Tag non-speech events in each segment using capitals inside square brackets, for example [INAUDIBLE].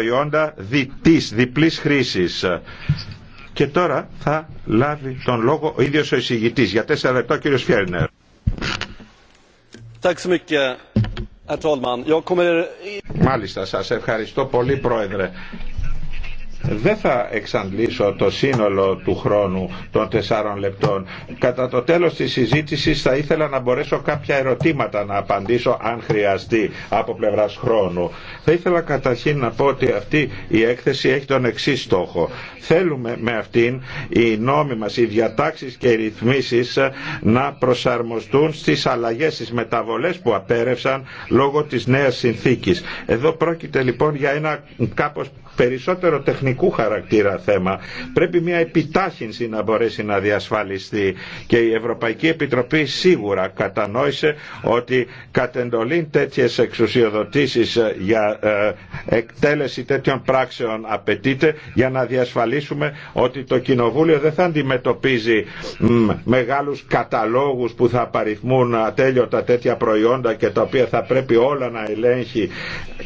προϊόντα διτής, διπλής χρήσης. Και τώρα θα λάβει τον λόγο ο ίδιος ο εισηγητής. Για τέσσερα λεπτά ο κύριος Φιέρνερ. Μάλιστα, σας ευχαριστώ πολύ πρόεδρε. Δεν θα εξαντλήσω το σύνολο του χρόνου των τεσσάρων λεπτών. Κατά το τέλος της συζήτησης θα ήθελα να μπορέσω κάποια ερωτήματα να απαντήσω αν χρειαστεί από πλευράς χρόνου. Θα ήθελα καταρχήν να πω ότι αυτή η έκθεση έχει τον εξή στόχο. Θέλουμε με αυτήν οι νόμοι μας, οι διατάξεις και οι ρυθμίσεις να προσαρμοστούν στις αλλαγές, στις μεταβολές που απέρευσαν λόγω της νέας συνθήκης. Εδώ πρόκειται λοιπόν για ένα κάπως περισσότερο τεχνικού χαρακτήρα θέμα. Πρέπει μια επιτάχυνση να μπορέσει να διασφαλιστεί και η Ευρωπαϊκή Επιτροπή σίγουρα κατανόησε ότι κατ' εντολή τέτοιες εξουσιοδοτήσεις ε, για ε, εκτέλεση τέτοιων πράξεων απαιτείται για να διασφαλίσουμε ότι το Κοινοβούλιο δεν θα αντιμετωπίζει μεγάλους καταλόγους που θα απαριθμούν ατέλειωτα τέτοια προϊόντα και τα οποία θα πρέπει όλα να ελέγχει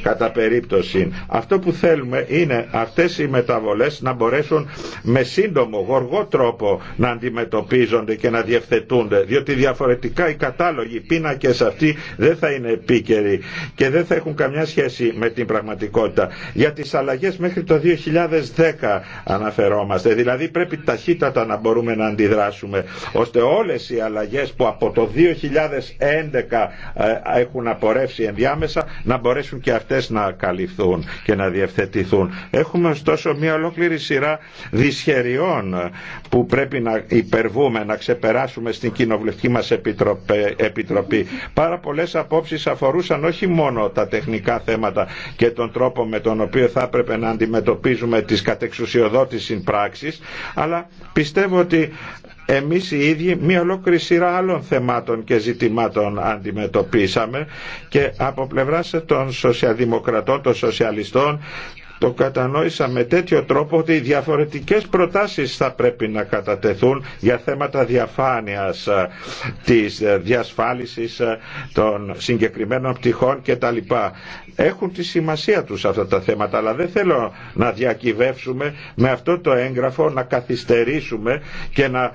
κατά περίπτωση. Αυτό που θέλουμε είναι είναι αυτές οι μεταβολές να μπορέσουν με σύντομο, γοργό τρόπο να αντιμετωπίζονται και να διευθετούνται, διότι διαφορετικά οι κατάλογοι, οι πίνακες αυτοί δεν θα είναι επίκαιροι και δεν θα έχουν καμιά σχέση με την πραγματικότητα. Για τις αλλαγές μέχρι το 2010 αναφερόμαστε, δηλαδή πρέπει ταχύτατα να μπορούμε να αντιδράσουμε, ώστε όλες οι αλλαγές που από το 2011 ε, έχουν απορρεύσει ενδιάμεσα να μπορέσουν και αυτές να καλυφθούν και να διευθετηθούν. Έχουμε ωστόσο μια ολόκληρη σειρά δυσχεριών που πρέπει να υπερβούμε, να ξεπεράσουμε στην κοινοβουλευτική μας επιτροπή. Πάρα πολλές απόψεις αφορούσαν όχι μόνο τα τεχνικά θέματα και τον τρόπο με τον οποίο θα έπρεπε να αντιμετωπίζουμε τις κατεξουσιοδότηση πράξεις, αλλά πιστεύω ότι εμείς οι ίδιοι μια ολόκληρη σειρά άλλων θεμάτων και ζητημάτων αντιμετωπίσαμε και από πλευράς των σοσιαδημοκρατών, των σοσιαλιστών το κατανόησα με τέτοιο τρόπο ότι διαφορετικές προτάσεις θα πρέπει να κατατεθούν για θέματα διαφάνειας ε, της ε, διασφάλισης ε, των συγκεκριμένων πτυχών κτλ. Έχουν τη σημασία τους αυτά τα θέματα, αλλά δεν θέλω να διακυβεύσουμε με αυτό το έγγραφο να καθυστερήσουμε και να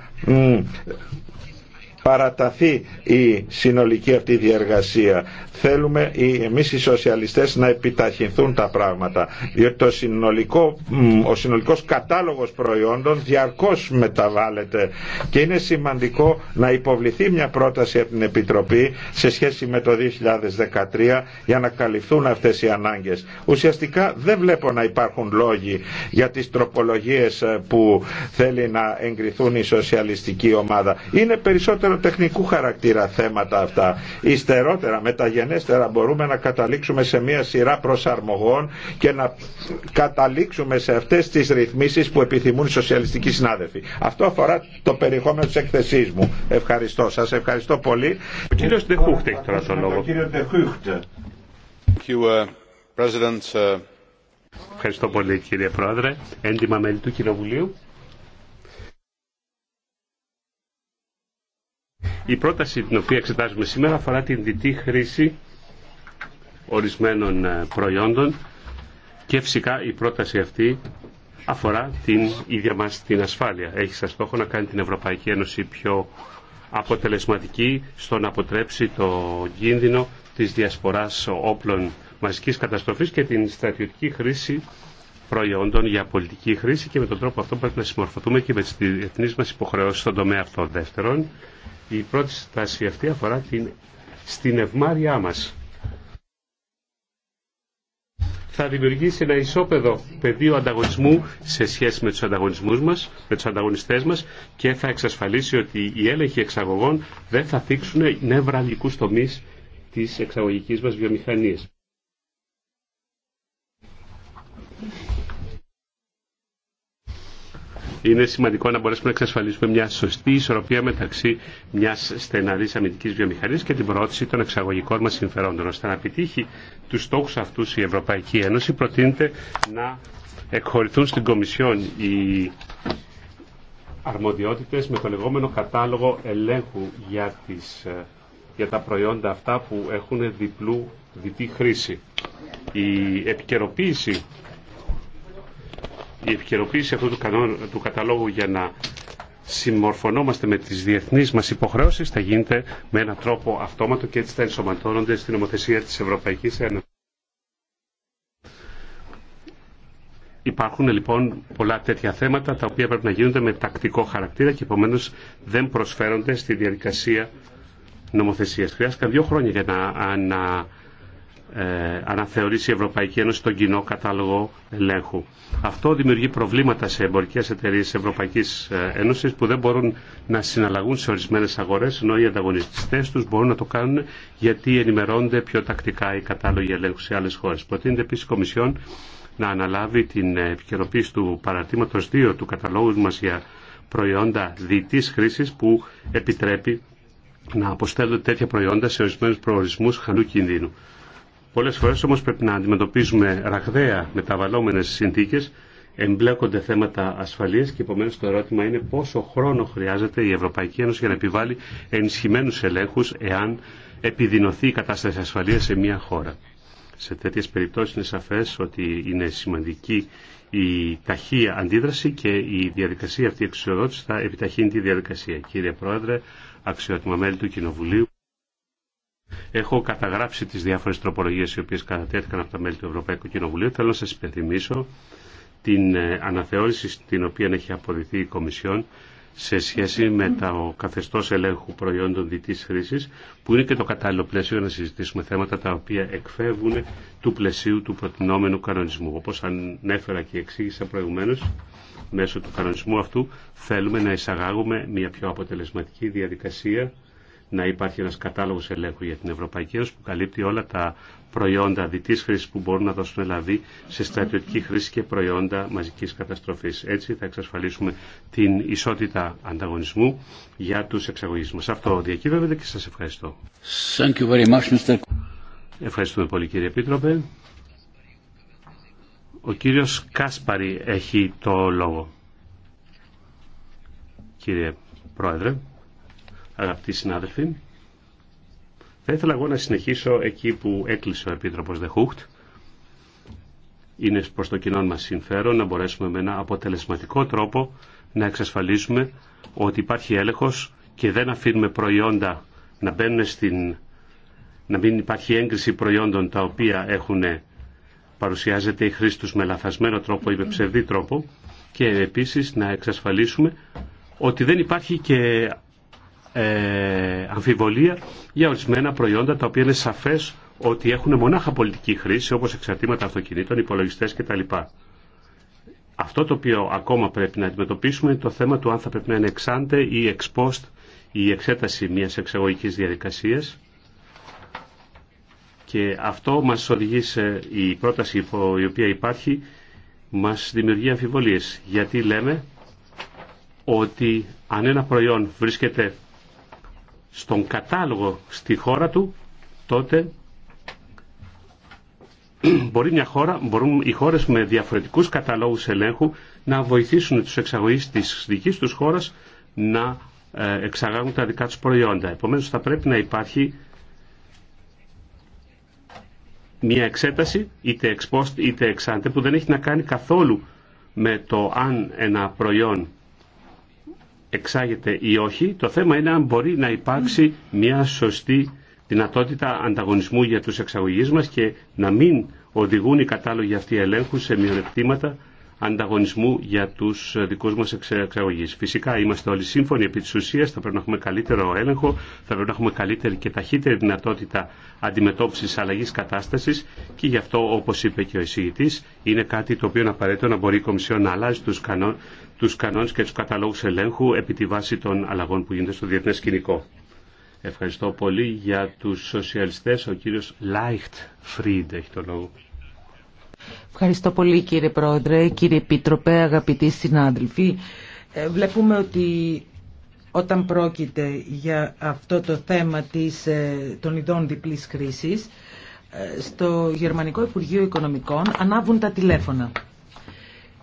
παραταθεί η συνολική αυτή διεργασία. Θέλουμε οι, εμείς οι σοσιαλιστές να επιταχυνθούν τα πράγματα, διότι το συνολικό, ο συνολικός κατάλογος προϊόντων διαρκώς μεταβάλλεται και είναι σημαντικό να υποβληθεί μια πρόταση από την Επιτροπή σε σχέση με το 2013 για να καλυφθούν αυτές οι ανάγκες. Ουσιαστικά δεν βλέπω να υπάρχουν λόγοι για τις τροπολογίες ε, που θέλει να εγκριθούν η σοσιαλιστική ομάδα. Είναι περισσότερο περισσότερο τεχνικού χαρακτήρα θέματα αυτά. Ιστερότερα, μεταγενέστερα μπορούμε να καταλήξουμε σε μια σειρά προσαρμογών και να καταλήξουμε σε αυτές τις ρυθμίσεις που επιθυμούν οι σοσιαλιστικοί συνάδελφοι. Αυτό αφορά το περιεχόμενο τη εκθεσή μου. Ευχαριστώ. Σας ευχαριστώ πολύ. Ο κύριος Ντεχούχτ έχει τώρα το λόγο. Uh, uh, ευχαριστώ πολύ κύριε Πρόεδρε. Έντιμα μέλη του Κοινοβουλίου. Η πρόταση την οποία εξετάζουμε σήμερα αφορά την διτή χρήση ορισμένων ε, προϊόντων και φυσικά η πρόταση αυτή αφορά την ίδια μας την ασφάλεια. Έχει σαν στόχο να κάνει την Ευρωπαϊκή Ένωση πιο αποτελεσματική στο να αποτρέψει το κίνδυνο της διασποράς όπλων μαζικής καταστροφής και την στρατιωτική χρήση προϊόντων για πολιτική χρήση και με τον τρόπο αυτό πρέπει να συμμορφωθούμε και με τις διεθνείς μας υποχρεώσεις στον τομέα αυτό. Δεύτερον, η πρώτη στάση αυτή αφορά την, στην ευμάρειά μας. Θα δημιουργήσει ένα ισόπεδο πεδίο ανταγωνισμού σε σχέση με τους ανταγωνισμούς μας, με τους ανταγωνιστές μας και θα εξασφαλίσει ότι οι έλεγχοι εξαγωγών δεν θα θίξουν νευραλικούς τομείς της εξαγωγικής μας βιομηχανίας. είναι σημαντικό να μπορέσουμε να εξασφαλίσουμε μια σωστή ισορροπία μεταξύ μια στεναρή αμυντική βιομηχανία και την προώθηση των εξαγωγικών μα συμφερόντων. Ώστε να επιτύχει του στόχου αυτού η Ευρωπαϊκή Ένωση, προτείνεται να εκχωρηθούν στην Κομισιόν οι αρμοδιότητες με το λεγόμενο κατάλογο ελέγχου για, τις, για τα προϊόντα αυτά που έχουν διπλού διτή χρήση. Η επικαιροποίηση η επικαιροποίηση αυτού του, του καταλόγου για να συμμορφωνόμαστε με τις διεθνείς μας υποχρεώσεις θα γίνεται με έναν τρόπο αυτόματο και έτσι θα ενσωματώνονται στην νομοθεσία της Ευρωπαϊκής Ένωσης. Υπάρχουν λοιπόν πολλά τέτοια θέματα τα οποία πρέπει να γίνονται με τακτικό χαρακτήρα και επομένω δεν προσφέρονται στη διαδικασία νομοθεσίας. Χρειάστηκαν δύο χρόνια για να, να ε, αναθεωρήσει η Ευρωπαϊκή Ένωση τον κοινό κατάλογο ελέγχου. Αυτό δημιουργεί προβλήματα σε εμπορικές εταιρείες της Ευρωπαϊκής ε, Ένωσης που δεν μπορούν να συναλλαγούν σε ορισμένες αγορές ενώ οι ανταγωνιστές τους μπορούν να το κάνουν γιατί ενημερώνονται πιο τακτικά οι κατάλογοι ελέγχου σε άλλες χώρες. Προτείνεται επίσης η Κομισιόν να αναλάβει την επικαιροποίηση του παρατήματος 2 του καταλόγου μας για προϊόντα διητής χρήση που επιτρέπει να αποστέλλονται τέτοια προϊόντα σε ορισμένου προορισμού χαλού κινδύνου. Πολλές φορές όμως πρέπει να αντιμετωπίζουμε ραχδαία μεταβαλλόμενες συνθήκες, εμπλέκονται θέματα ασφαλείας και επομένως το ερώτημα είναι πόσο χρόνο χρειάζεται η Ευρωπαϊκή Ένωση για να επιβάλλει ενισχυμένους ελέγχους εάν επιδεινωθεί η κατάσταση ασφαλείας σε μια χώρα. Σε τέτοιες περιπτώσεις είναι σαφές ότι είναι σημαντική η ταχεία αντίδραση και η διαδικασία αυτή εξουσιοδότηση θα επιταχύνει τη διαδικασία. Κύριε Πρόεδρε, αξιότιμα μέλη του Κοινοβουλίου, Έχω καταγράψει τι διάφορε τροπολογίε οι οποίε κατατέθηκαν από τα μέλη του Ευρωπαϊκού Κοινοβουλίου. Θέλω να σα υπενθυμίσω την ε, αναθεώρηση στην οποία έχει αποδηθεί η Κομισιόν σε σχέση με το καθεστώ ελέγχου προϊόντων διτής χρήση, που είναι και το κατάλληλο πλαίσιο για να συζητήσουμε θέματα τα οποία εκφεύγουν του πλαισίου του προτινόμενου κανονισμού. Όπω ανέφερα και εξήγησα προηγουμένως, μέσω του κανονισμού αυτού θέλουμε να εισαγάγουμε μια πιο αποτελεσματική διαδικασία να υπάρχει ένας κατάλογος ελέγχου για την Ευρωπαϊκή Ένωση που καλύπτει όλα τα προϊόντα διτής χρήση που μπορούν να δώσουν δηλαδή σε στρατιωτική χρήση και προϊόντα μαζικής καταστροφής. Έτσι θα εξασφαλίσουμε την ισότητα ανταγωνισμού για τους εξαγωγείς μας. Αυτό διακύβευεται και σας ευχαριστώ. Thank you very much, Mr. Ευχαριστούμε πολύ κύριε Επίτροπε. Ο κύριος Κάσπαρη έχει το λόγο. Κύριε Πρόεδρε αγαπητοί συνάδελφοι. Θα ήθελα εγώ να συνεχίσω εκεί που έκλεισε ο Επίτροπος Δεχούχτ. Είναι προς το κοινό μας συμφέρον να μπορέσουμε με ένα αποτελεσματικό τρόπο να εξασφαλίσουμε ότι υπάρχει έλεγχος και δεν αφήνουμε προϊόντα να μπαίνουν στην... να μην υπάρχει έγκριση προϊόντων τα οποία έχουν παρουσιάζεται η χρήση τους με λαθασμένο τρόπο ή με ψευδή τρόπο και επίσης να εξασφαλίσουμε ότι δεν υπάρχει και ε, αμφιβολία για ορισμένα προϊόντα τα οποία είναι σαφές ότι έχουν μονάχα πολιτική χρήση όπως εξαρτήματα αυτοκινήτων, υπολογιστές κτλ. Αυτό το οποίο ακόμα πρέπει να αντιμετωπίσουμε είναι το θέμα του αν θα πρέπει να είναι εξάντε ή εξπόστ η εξέταση μιας εξαγωγικής διαδικασίας και αυτό μας οδηγεί σε η πρόταση η οποία υπάρχει μας δημιουργεί αμφιβολίες γιατί λέμε ότι αν ένα προϊόν βρίσκεται στον κατάλογο στη χώρα του, τότε μπορεί μια χώρα, μπορούν οι χώρες με διαφορετικούς καταλόγους ελέγχου να βοηθήσουν τους εξαγωγείς της δικής τους χώρας να ε, εξαγάγουν τα δικά τους προϊόντα. Επομένως θα πρέπει να υπάρχει μια εξέταση είτε εξ είτε εξάντε που δεν έχει να κάνει καθόλου με το αν ένα προϊόν εξάγεται ή όχι. Το θέμα είναι αν μπορεί να υπάρξει μια σωστή δυνατότητα ανταγωνισμού για τους εξαγωγείς μας και να μην οδηγούν οι κατάλογοι αυτοί ελέγχου σε μειονεκτήματα ανταγωνισμού για του δικού μα εξαγωγεί. Φυσικά είμαστε όλοι σύμφωνοι επί τη ουσία, θα πρέπει να έχουμε καλύτερο έλεγχο, θα πρέπει να έχουμε καλύτερη και ταχύτερη δυνατότητα αντιμετώπιση αλλαγή κατάσταση και γι' αυτό όπω είπε και ο εισηγητή, είναι κάτι το οποίο είναι απαραίτητο να μπορεί η Κομισιό να αλλάζει του κανόνε τους κανόνες και τους καταλόγους ελέγχου επί τη βάση των αλλαγών που γίνονται στο διεθνές σκηνικό. Ευχαριστώ πολύ για τους σοσιαλιστές. Ο κύριος Λάιχτ Φρίντ έχει το λόγο. Ευχαριστώ πολύ κύριε Πρόεδρε, κύριε Επίτροπε, αγαπητοί συνάδελφοι. Ε, βλέπουμε ότι όταν πρόκειται για αυτό το θέμα της, ε, των ειδών διπλής κρίσης, ε, στο Γερμανικό Υπουργείο Οικονομικών ανάβουν τα τηλέφωνα.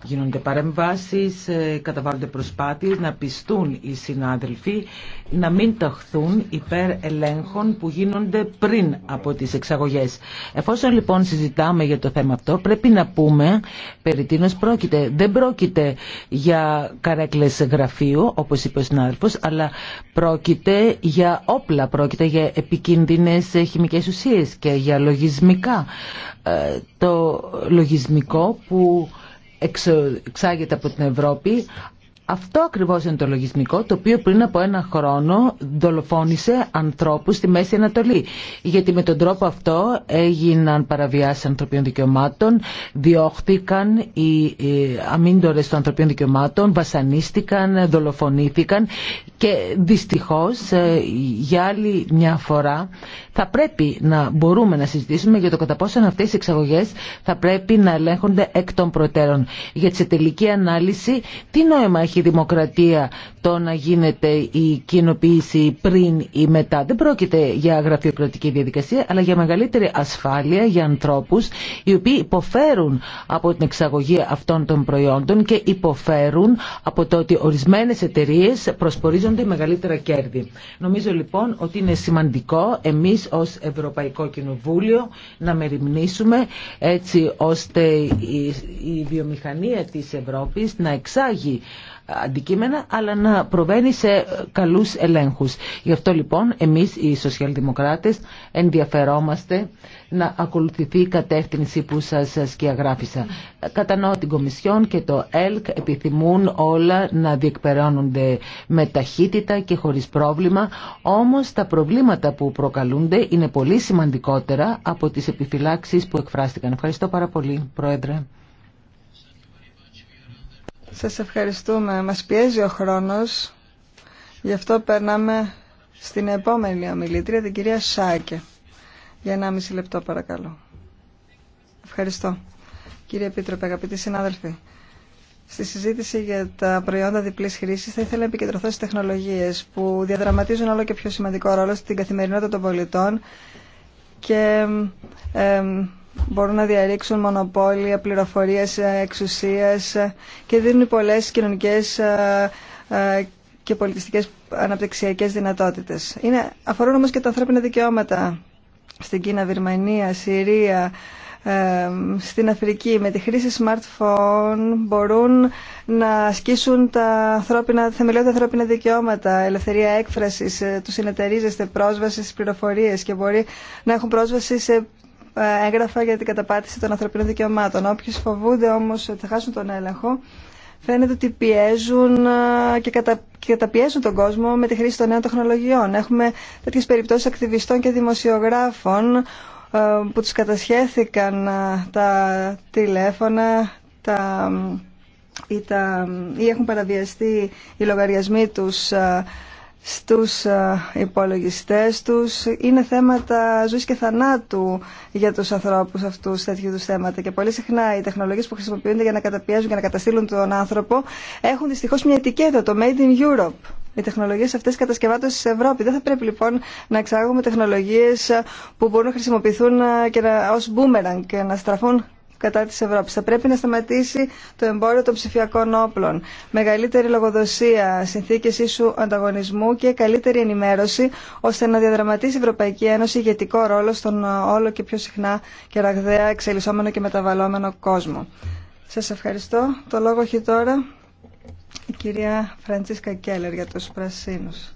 Γίνονται παρεμβάσεις, ε, καταβάλλονται προσπάθειες να πιστούν οι συνάδελφοι να μην ταχθούν υπέρ ελέγχων που γίνονται πριν από τις εξαγωγές. Εφόσον λοιπόν συζητάμε για το θέμα αυτό, πρέπει να πούμε περί τίνος πρόκειται. Δεν πρόκειται για καρέκλες γραφείου, όπως είπε ο συνάδελφος, αλλά πρόκειται για όπλα, πρόκειται για επικίνδυνες χημικές ουσίες και για λογισμικά. Ε, το λογισμικό που εξάγεται από την Ευρώπη αυτό ακριβώς είναι το λογισμικό το οποίο πριν από ένα χρόνο δολοφόνησε ανθρώπους στη Μέση Ανατολή. Γιατί με τον τρόπο αυτό έγιναν παραβιάσεις ανθρωπίνων δικαιωμάτων, διώχθηκαν οι αμήντορες των ανθρωπίνων δικαιωμάτων, βασανίστηκαν, δολοφονήθηκαν και δυστυχώς ε, για άλλη μια φορά θα πρέπει να μπορούμε να συζητήσουμε για το κατά πόσο αυτές οι εξαγωγές θα πρέπει να ελέγχονται εκ των προτέρων. Για τη τελική ανάλυση τι νόημα η δημοκρατία το να γίνεται η κοινοποίηση πριν ή μετά. Δεν πρόκειται για γραφειοκρατική διαδικασία, αλλά για μεγαλύτερη ασφάλεια για ανθρώπους οι οποίοι υποφέρουν από την εξαγωγή αυτών των προϊόντων και υποφέρουν από το ότι ορισμένες εταιρείε προσπορίζονται μεγαλύτερα κέρδη. Νομίζω λοιπόν ότι είναι σημαντικό εμείς ως Ευρωπαϊκό Κοινοβούλιο να μεριμνήσουμε έτσι ώστε η βιομηχανία της Ευρώπης να εξάγει αντικείμενα, αλλά να προβαίνει σε καλούς ελέγχους. Γι' αυτό λοιπόν εμείς οι σοσιαλδημοκράτες ενδιαφερόμαστε να ακολουθηθεί η κατεύθυνση που σας σκιαγράφησα. Κατανοώ την Κομισιόν και το ΕΛΚ επιθυμούν όλα να διεκπεραιώνονται με ταχύτητα και χωρίς πρόβλημα, όμως τα προβλήματα που προκαλούνται είναι πολύ σημαντικότερα από τις επιφυλάξεις που εκφράστηκαν. Ευχαριστώ πάρα πολύ, Πρόεδρε. Σας ευχαριστούμε. Μας πιέζει ο χρόνος. Γι' αυτό περνάμε στην επόμενη ομιλήτρια, την κυρία Σάκε. Για 1,5 λεπτό παρακαλώ. Ευχαριστώ. Κύριε Επίτροπε, αγαπητοί συνάδελφοι. Στη συζήτηση για τα προϊόντα διπλής χρήσης θα ήθελα να επικεντρωθώ στις τεχνολογίες που διαδραματίζουν όλο και πιο σημαντικό ρόλο στην καθημερινότητα των πολιτών και μπορούν να διαρρήξουν μονοπόλια, πληροφορίες, ε, εξουσίας ε, και δίνουν πολλές κοινωνικές ε, και πολιτιστικές αναπτυξιακές δυνατότητες. αφορούν όμως και τα ανθρώπινα δικαιώματα στην Κίνα, Βερμανία, Συρία, στην Αφρική με τη χρήση smartphone μπορούν να ασκήσουν τα ανθρώπινα, θεμελιώδη ανθρώπινα δικαιώματα, ελευθερία έκφρασης, τους συνεταιρίζεστε πρόσβαση στις πληροφορίες και μπορεί να έχουν πρόσβαση σε έγγραφα για την καταπάτηση των ανθρωπίνων δικαιωμάτων. Όποιοι φοβούνται όμως ότι θα χάσουν τον έλεγχο, φαίνεται ότι πιέζουν ε, και, κατα... και καταπιέζουν τον κόσμο με τη χρήση των νέων τεχνολογιών. Έχουμε τέτοιες περιπτώσεις ακτιβιστών και δημοσιογράφων ε, που τους κατασχέθηκαν ε, τα τηλέφωνα τα... Ή, ή έχουν παραβιαστεί οι λογαριασμοί τους στους ε, υπολογιστές τους είναι θέματα ζωής και θανάτου για τους ανθρώπους αυτούς τέτοιου τους θέματα και πολύ συχνά οι τεχνολογίες που χρησιμοποιούνται για να καταπιέζουν και να καταστήλουν τον άνθρωπο έχουν δυστυχώς μια ετικέτα, το Made in Europe. Οι τεχνολογίες αυτές κατασκευάζονται στην Ευρώπη. Δεν θα πρέπει λοιπόν να εξάγουμε τεχνολογίες που μπορούν να χρησιμοποιηθούν ε, και να, ως boomerang και να στραφούν κατά της Ευρώπης. Θα πρέπει να σταματήσει το εμπόριο των ψηφιακών όπλων. Μεγαλύτερη λογοδοσία, συνθήκες ίσου ανταγωνισμού και καλύτερη ενημέρωση ώστε να διαδραματίσει η Ευρωπαϊκή Ένωση ηγετικό ρόλο στον όλο και πιο συχνά και ραγδαία εξελισσόμενο και μεταβαλλόμενο κόσμο. Σας ευχαριστώ. Το λόγο έχει τώρα η κυρία Φραντσίσκα Κέλλερ για τους πρασίνους.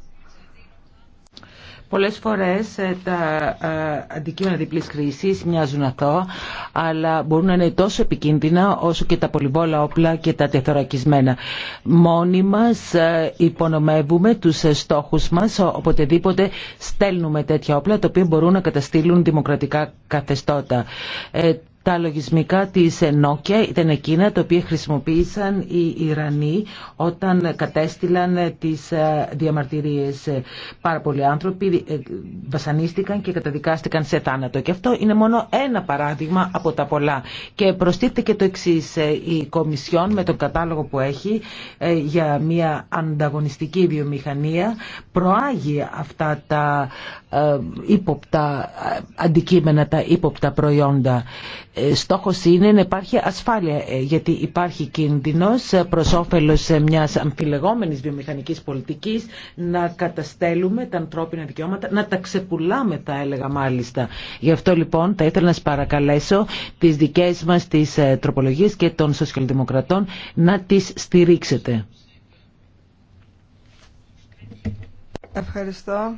Πολλές φορές ε, τα ε, αντικείμενα διπλής χρήσης μοιάζουν αυτό, αλλά μπορούν να είναι τόσο επικίνδυνα όσο και τα πολυβόλα όπλα και τα τεθωρακισμένα. Μόνοι μας ε, υπονομεύουμε τους στόχους μας, οποτεδήποτε στέλνουμε τέτοια όπλα, τα οποία μπορούν να καταστήλουν δημοκρατικά καθεστώτα. Τα λογισμικά της Nokia ήταν εκείνα τα οποία χρησιμοποίησαν οι Ιρανοί όταν κατέστηλαν τις ε, διαμαρτυρίες. Πάρα πολλοί άνθρωποι ε, βασανίστηκαν και καταδικάστηκαν σε θάνατο. Και αυτό είναι μόνο ένα παράδειγμα από τα πολλά. Και προστίθεται και το εξή ε, η Κομισιόν με τον κατάλογο που έχει για μια ανταγωνιστική βιομηχανία προάγει αυτά τα ύποπτα αντικείμενα, τα ύποπτα προϊόντα. Ε, στόχος είναι να υπάρχει ασφάλεια ε, γιατί υπάρχει κίνδυνος ε, προς όφελος μιας αμφιλεγόμενης βιομηχανικής πολιτικής να καταστέλουμε τα ανθρώπινα δικαιώματα, να τα ξεπουλάμε τα έλεγα μάλιστα. Γι' αυτό λοιπόν θα ήθελα να σας παρακαλέσω τις δικές μας τις τροπολογίες και των σοσιαλδημοκρατών να τις στηρίξετε. Ευχαριστώ.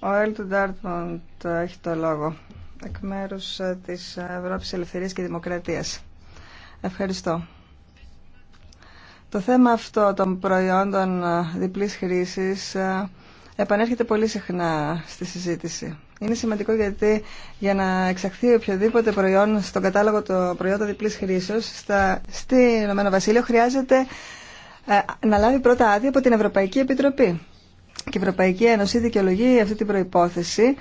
Ο έχει το λόγο εκ μέρους ε, της Ευρώπης Ελευθερίας και Δημοκρατίας. Ευχαριστώ. Το θέμα αυτό των προϊόντων ε, διπλής χρήσης ε, επανέρχεται πολύ συχνά στη συζήτηση. Είναι σημαντικό γιατί για να εξαχθεί οποιοδήποτε προϊόν στον κατάλογο το προϊόντα διπλής χρήσεως στη Ηνωμένο Βασίλειο χρειάζεται να λάβει πρώτα άδεια από την Ευρωπαϊκή Επιτροπή. Και η Ευρωπαϊκή Ένωση δικαιολογεί αυτή την προϋπόθεση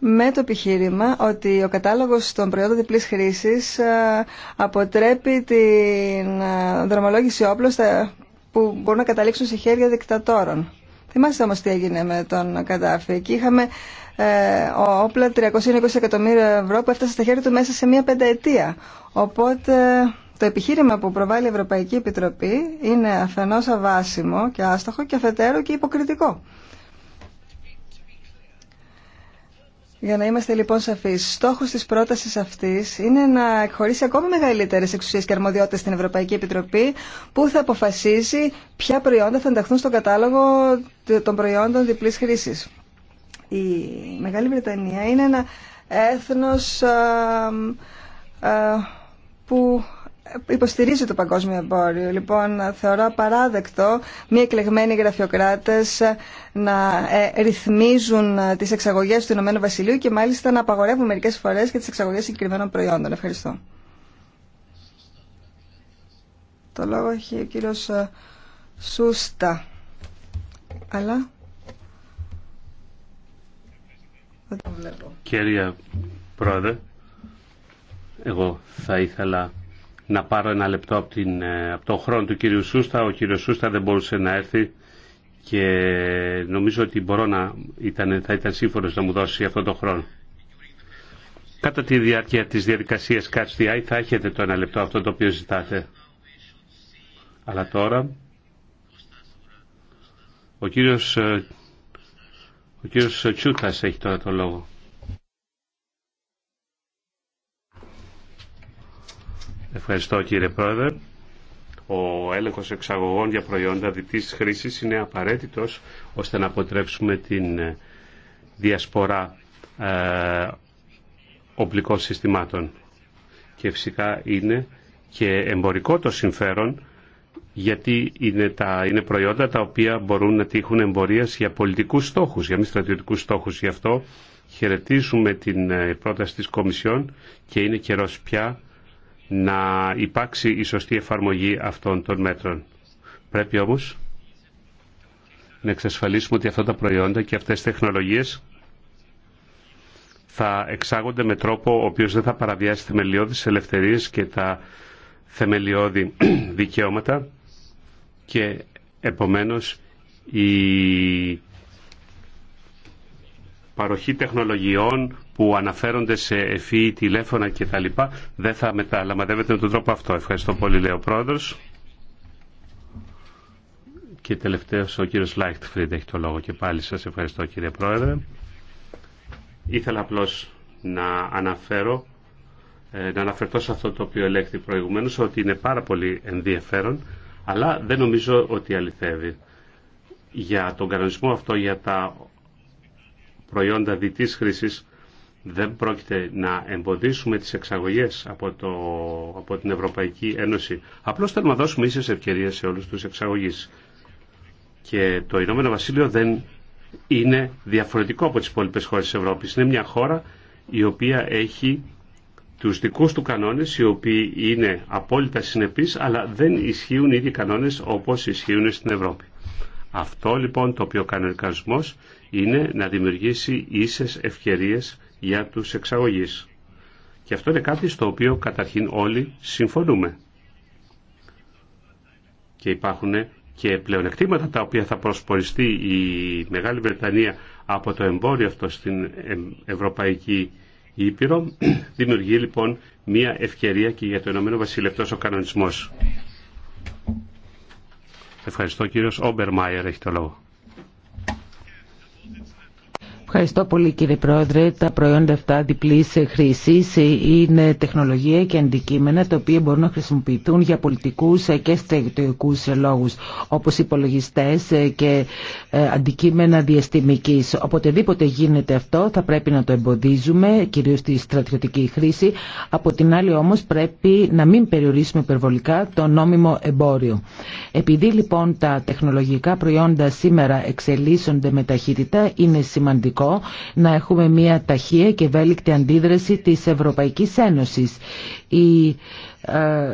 με το επιχείρημα ότι ο κατάλογος των προϊόντων διπλής χρήσης ε, αποτρέπει την ε, δρομολόγηση όπλων που μπορούν να καταλήξουν σε χέρια δικτατόρων. Θυμάστε όμως τι έγινε με τον Καντάφη. Εκεί είχαμε ε, όπλα 320 εκατομμύρια ευρώ που έφτασε στα χέρια του μέσα σε μία πενταετία. Οπότε το επιχείρημα που προβάλλει η Ευρωπαϊκή Επιτροπή είναι αφενός αβάσιμο και άστοχο και αφετέρου και υποκριτικό. Για να είμαστε λοιπόν σαφείς, στόχος της πρότασης αυτής είναι να εκχωρήσει ακόμη μεγαλύτερες εξουσίες και αρμοδιότητες στην Ευρωπαϊκή Επιτροπή που θα αποφασίζει ποια προϊόντα θα ενταχθούν στον κατάλογο των προϊόντων διπλής χρήσης. Η Μεγάλη Βρετανία είναι ένα έθνος που υποστηρίζει το παγκόσμιο εμπόριο. Λοιπόν, θεωρώ παράδεκτο μη εκλεγμένοι γραφειοκράτε να ε, ρυθμίζουν ε, τις εξαγωγέ του Ηνωμένου Βασιλείου και μάλιστα να απαγορεύουν μερικές φορές και τις εξαγωγέ συγκεκριμένων προϊόντων. Ευχαριστώ. Το λόγο έχει ο κύριο ε, Σούστα. Αλλά... Κύριε Πρόεδρε, εγώ θα ήθελα να πάρω ένα λεπτό από, την, ε, τον χρόνο του κύριου Σούστα. Ο κύριος Σούστα δεν μπορούσε να έρθει και νομίζω ότι μπορώ να ήταν, θα ήταν σύμφωνος να μου δώσει αυτό το χρόνο. Κατά τη διάρκεια της διαδικασίας Catch θα έχετε το ένα λεπτό αυτό το οποίο ζητάτε. Αλλά τώρα ο κύριος, ε, ο κύριος Τσούτας έχει τώρα το λόγο. Ευχαριστώ κύριε Πρόεδρε. Ο έλεγχο εξαγωγών για προϊόντα διτή χρήση είναι απαραίτητο ώστε να αποτρέψουμε την ε, διασπορά ε, οπλικών συστημάτων. Και φυσικά είναι και εμπορικό το συμφέρον γιατί είναι, τα, είναι προϊόντα τα οποία μπορούν να τύχουν εμπορίας για πολιτικού στόχου, για μη στρατιωτικού στόχους. Γι' αυτό χαιρετίζουμε την ε, πρόταση της Κομισιόν και είναι καιρός πια να υπάρξει η σωστή εφαρμογή αυτών των μέτρων. Πρέπει όμως να εξασφαλίσουμε ότι αυτά τα προϊόντα και αυτές τις τεχνολογίες θα εξάγονται με τρόπο ο οποίος δεν θα παραβιάσει θεμελιώδεις ελευθερίες και τα θεμελιώδη [CLEARS THROAT] δικαιώματα και επομένως η παροχή τεχνολογιών που αναφέρονται σε εφή τηλέφωνα κτλ. δεν θα μεταλαμβαδεύεται με τον τρόπο αυτό. Ευχαριστώ πολύ, λέει ο πρόεδρος. Και τελευταίος ο κύριος Λάιχτφριντ έχει το λόγο και πάλι σας ευχαριστώ κύριε Πρόεδρε. Ήθελα απλώς να αναφέρω, ε, να αναφερθώ σε αυτό το οποίο ελέγχθη προηγουμένως, ότι είναι πάρα πολύ ενδιαφέρον, αλλά δεν νομίζω ότι αληθεύει. Για τον κανονισμό αυτό για τα προϊόντα διτής χρήσης δεν πρόκειται να εμποδίσουμε τις εξαγωγές από, το, από την Ευρωπαϊκή Ένωση. Απλώς θέλουμε να δώσουμε ίσες ευκαιρίες σε όλους τους εξαγωγείς. Και το Ηνωμένο Βασίλειο δεν είναι διαφορετικό από τις υπόλοιπες χώρες της Ευρώπης. Είναι μια χώρα η οποία έχει τους δικούς του κανόνες οι οποίοι είναι απόλυτα συνεπείς αλλά δεν ισχύουν οι ίδιοι κανόνες όπως ισχύουν στην Ευρώπη. Αυτό λοιπόν το οποίο κάνει ο είναι να δημιουργήσει ίσες ευκαιρίες για τους εξαγωγείς. Και αυτό είναι κάτι στο οποίο καταρχήν όλοι συμφωνούμε. Και υπάρχουν και πλεονεκτήματα τα οποία θα προσποριστεί η Μεγάλη Βρετανία από το εμπόριο αυτό στην Ευρωπαϊκή Ήπειρο. Δημιουργεί λοιπόν μια ευκαιρία και για το Ηνωμένο ο κανονισμός. Ευχαριστώ κύριος Όμπερ Μάιερ έχει το λόγο. Ευχαριστώ πολύ κύριε Πρόεδρε. Τα προϊόντα αυτά διπλής χρήσης είναι τεχνολογία και αντικείμενα τα οποία μπορούν να χρησιμοποιηθούν για πολιτικούς και στρατιωτικούς λόγους όπως υπολογιστές και ε, αντικείμενα διαστημικής. Οποτεδήποτε γίνεται αυτό θα πρέπει να το εμποδίζουμε κυρίως στη στρατιωτική χρήση. Από την άλλη όμως πρέπει να μην περιορίσουμε υπερβολικά το νόμιμο εμπόριο. Επειδή λοιπόν τα τεχνολογικά προϊόντα σήμερα εξελίσσονται με ταχύτητα είναι σημαντικό να έχουμε μια ταχεία και ευέλικτη αντίδραση της Ευρωπαϊκής Ένωσης. Η ε,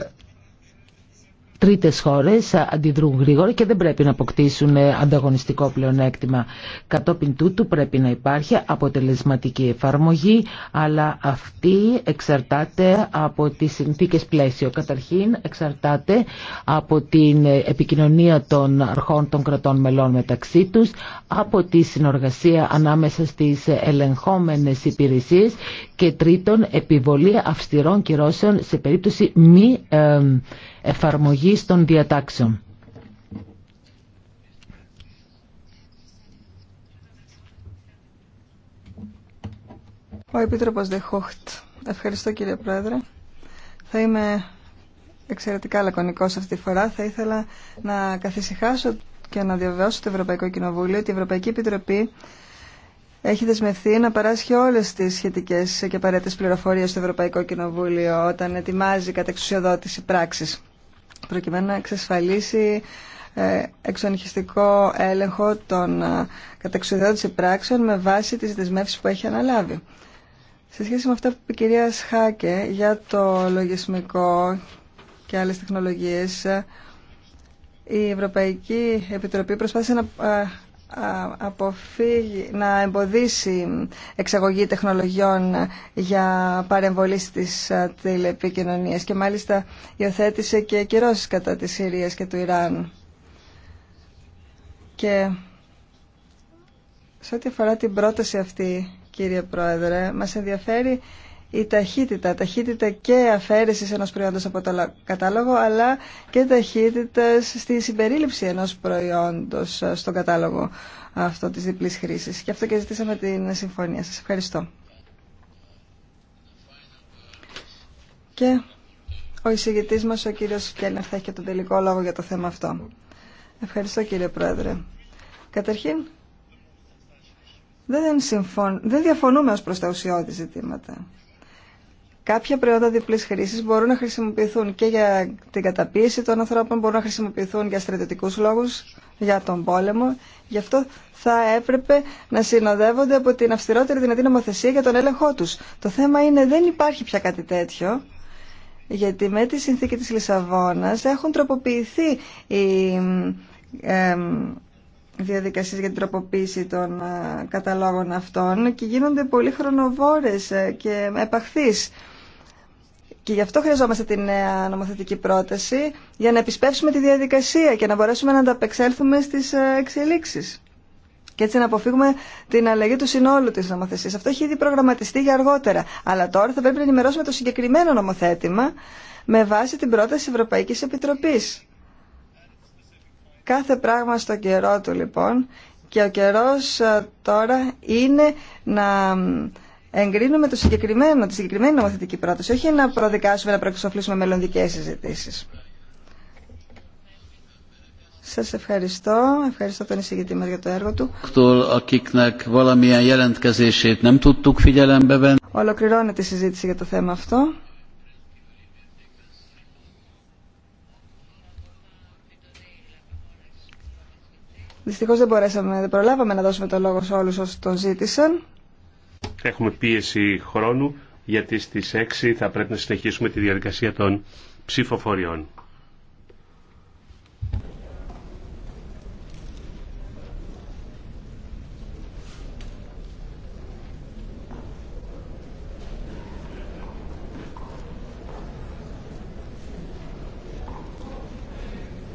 τρίτες χώρες αντιδρούν γρήγορα και δεν πρέπει να αποκτήσουν ανταγωνιστικό πλεονέκτημα. Κατόπιν τούτου πρέπει να υπάρχει αποτελεσματική εφαρμογή, αλλά αυτή εξαρτάται από τις συνθήκες πλαίσιο. Καταρχήν εξαρτάται από την επικοινωνία των αρχών των κρατών μελών μεταξύ τους, από τη συνεργασία ανάμεσα στις ελεγχόμενες υπηρεσίες και τρίτον επιβολή αυστηρών κυρώσεων σε περίπτωση μη εφαρμογή εφαρμογής των διατάξεων. Ο Επίτροπος Δεχόχτ. Ευχαριστώ κύριε Πρόεδρε. Θα είμαι εξαιρετικά λακωνικός αυτή τη φορά. Θα ήθελα να καθησυχάσω και να διαβεβαιώσω το Ευρωπαϊκό Κοινοβούλιο ότι η Ευρωπαϊκή Επιτροπή έχει δεσμευθεί να παράσχει όλες τις σχετικές και απαραίτητες πληροφορίες στο Ευρωπαϊκό Κοινοβούλιο όταν ετοιμάζει κατεξουσιοδότηση πράξης προκειμένου να εξασφαλίσει ε, εξονυχιστικό έλεγχο των ε, καταξιδιών της πράξεων με βάση τις δεσμεύσεις που έχει αναλάβει. Σε σχέση με αυτά που είπε η κυρία Σχάκε για το λογισμικό και άλλες τεχνολογίες, ε, η Ευρωπαϊκή Επιτροπή προσπάθησε να αποφύγει, να εμποδίσει εξαγωγή τεχνολογιών για παρεμβολή στις τηλεπικοινωνίες και μάλιστα υιοθέτησε και κυρώσεις κατά της Συρίας και του Ιράν. Και σε ό,τι αφορά την πρόταση αυτή, κύριε Πρόεδρε, μας ενδιαφέρει η ταχύτητα, ταχύτητα και αφαίρεσης ενός προϊόντος από το κατάλογο, αλλά και ταχύτητα στη συμπερίληψη ενός προϊόντος ε, στον κατάλογο αυτό της διπλής χρήσης. Και αυτό και ζητήσαμε την συμφωνία. Σας ευχαριστώ. Και ο εισηγητής μας, ο κύριος Κέλνερ, θα έχει και τον τελικό λόγο για το θέμα αυτό. Ευχαριστώ κύριε Πρόεδρε. Καταρχήν, δεν, δεν διαφωνούμε ως προς τα ουσιώδη ζητήματα. Κάποια προϊόντα διπλή χρήση μπορούν να χρησιμοποιηθούν και για την καταπίεση των ανθρώπων, μπορούν να χρησιμοποιηθούν για στρατιωτικού λόγου για τον πόλεμο. Γι' αυτό θα έπρεπε να συνοδεύονται από την αυστηρότερη δυνατή νομοθεσία για τον έλεγχό του. Το θέμα είναι δεν υπάρχει πια κάτι τέτοιο, γιατί με τη συνθήκη της Λισαβόνας έχουν τροποποιηθεί οι διαδικασίες για την τροποποίηση των ε, καταλόγων αυτών και γίνονται πολύ χρονοβόρες ε, και επαχθεί. Και γι' αυτό χρειαζόμαστε τη νέα νομοθετική πρόταση για να επισπεύσουμε τη διαδικασία και να μπορέσουμε να ανταπεξέλθουμε στις ε, εξελίξεις. Και έτσι να αποφύγουμε την αλλαγή του συνόλου της νομοθεσία. Αυτό έχει ήδη προγραμματιστεί για αργότερα. Αλλά τώρα θα πρέπει να ενημερώσουμε το συγκεκριμένο νομοθέτημα με βάση την πρόταση Ευρωπαϊκή Επιτροπή. Κάθε πράγμα στο καιρό του λοιπόν και ο καιρό ε, τώρα είναι να εγκρίνουμε το συγκεκριμένο, τη συγκεκριμένη νομοθετική πρόταση, όχι να προδικάσουμε, να προεξοφλήσουμε μελλοντικέ συζητήσει. Σα ευχαριστώ. Ευχαριστώ τον εισηγητή μα για το έργο του. Ολοκληρώνεται η συζήτηση για το θέμα αυτό. Δυστυχώς δεν μπορέσαμε, δεν προλάβαμε να δώσουμε το λόγο σε όλους όσους τον ζήτησαν έχουμε πίεση χρόνου γιατί στις 6 θα πρέπει να συνεχίσουμε τη διαδικασία των ψηφοφοριών.